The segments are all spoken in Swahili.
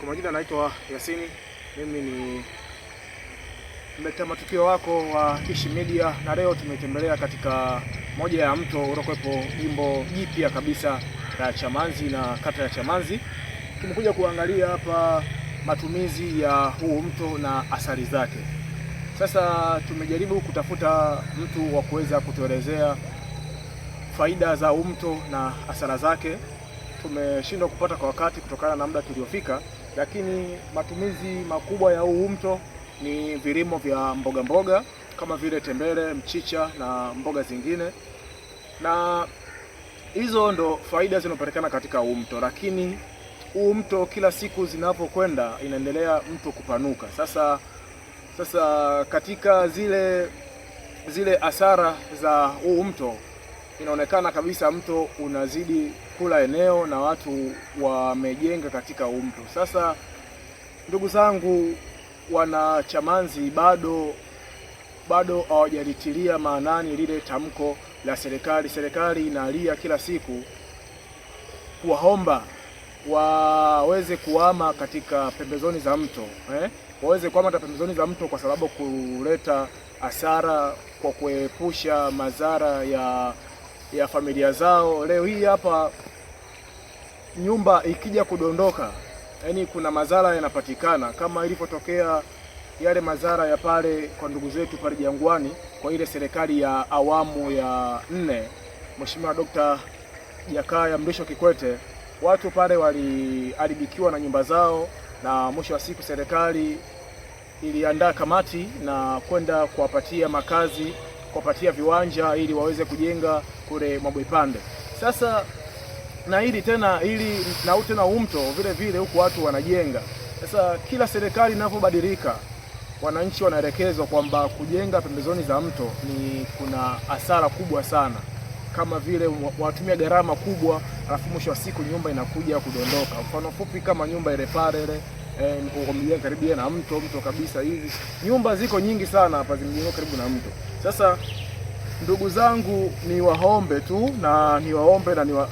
Kwa majina naitwa Yasini, mimi ni mleta matukio wako wa Kishi Media, na leo tumetembelea katika moja ya mto uliokuwepo jimbo jipya kabisa la Chamazi na kata ya Chamazi. Tumekuja kuangalia hapa matumizi ya huu mto na athari zake. Sasa tumejaribu kutafuta mtu wa kuweza kutuelezea faida za huu mto na athari zake. Tumeshindwa kupata kwa wakati kutokana na muda tuliofika lakini matumizi makubwa ya huu mto ni vilimo vya mboga mboga kama vile tembele, mchicha na mboga zingine, na hizo ndo faida zinazopatikana katika huu mto. Lakini huu mto kila siku zinapokwenda inaendelea mto kupanuka. Sasa sasa katika zile zile asara za huu mto inaonekana kabisa mto unazidi kula eneo na watu wamejenga katika huu mto. Sasa ndugu zangu, Chamanzi bado bado hawajalitilia maanani lile tamko la serikali. Serikali inalia kila siku kuwaomba waweze kuhama katika pembezoni za mto eh? waweze kuhama katika pembezoni za mto kwa sababu kuleta hasara kwa kuepusha madhara ya ya familia zao. Leo hii hapa nyumba ikija kudondoka, yani kuna madhara yanapatikana kama ilivyotokea yale madhara ya pale kwa ndugu zetu pale Jangwani kwa ile serikali ya awamu ya nne, Mheshimiwa Dkt. Jakaya Mrisho Kikwete, watu pale waliharibikiwa na nyumba zao, na mwisho wa siku serikali iliandaa kamati na kwenda kuwapatia makazi kuwapatia viwanja ili waweze kujenga kule Mabwepande. Sasa na hili tena ili na tena umto vile vile huku watu wanajenga. Sasa kila serikali inavyobadilika, wananchi wanaelekezwa kwamba kujenga pembezoni za mto ni kuna hasara kubwa sana, kama vile watumia gharama kubwa, alafu mwisho wa siku nyumba inakuja kudondoka. Mfano fupi kama nyumba ile pale ile eh, karibia na mto mto kabisa. hivi nyumba ziko nyingi sana hapa zimejengwa karibu na mto. Sasa ndugu zangu, ni waombe tu na niwaombe na niwa,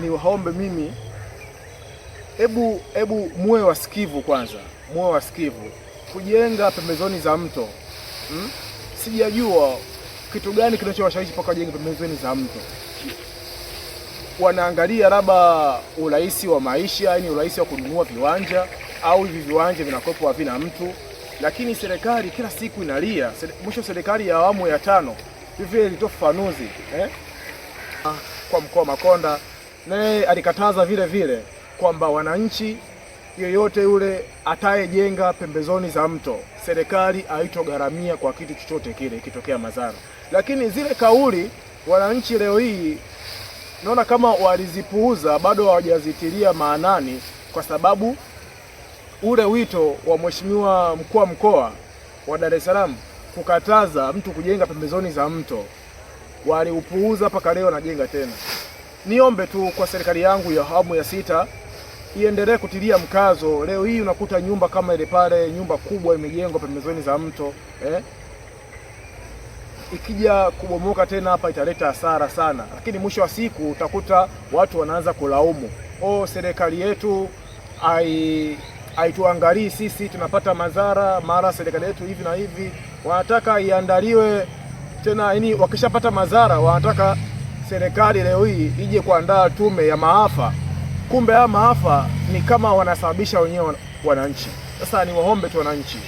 niwaombe mimi, hebu hebu muwe wasikivu kwanza, muwe wasikivu kujenga pembezoni za mto hmm? Sijajua kitu gani kinachowashawishi mpaka wajenge pembezoni za mto wanaangalia labda urahisi wa maisha, yani urahisi wa kununua viwanja au hivi viwanja vinakopo havina mtu, lakini serikali kila siku inalia. Mwisho serikali ya awamu ya tano hivi ilitoa ufafanuzi eh, kwa mkoa Makonda, naye alikataza vile vile kwamba wananchi yoyote yule atayejenga pembezoni za mto serikali haitogharamia kwa kitu chochote kile ikitokea madhara. Lakini zile kauli wananchi leo hii naona kama walizipuuza, bado hawajazitilia maanani, kwa sababu ule wito wa mheshimiwa mkuu wa mkoa wa Dar es Salaam kukataza mtu kujenga pembezoni za mto waliupuuza mpaka leo najenga tena. Niombe tu kwa serikali yangu ya awamu ya sita iendelee kutilia mkazo. Leo hii unakuta nyumba kama ile pale, nyumba kubwa imejengwa pembezoni za mto eh? ikija kubomoka tena hapa italeta hasara sana, lakini mwisho wa siku utakuta watu wanaanza kulaumu, o, serikali yetu haituangalii sisi, tunapata madhara, mara serikali yetu hivi na hivi. Wanataka iandaliwe tena, yani wakishapata madhara wanataka serikali leo hii ije kuandaa tume ya maafa, kumbe haya maafa ni kama wanasababisha wenyewe wananchi. Sasa niwaombe tu wananchi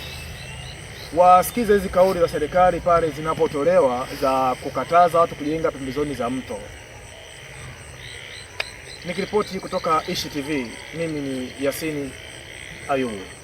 wasikize hizi kauli za serikali pale zinapotolewa za kukataza watu kujenga pembezoni za mto. Nikiripoti kutoka Ishi TV, mimi ni Yasini Ayubu.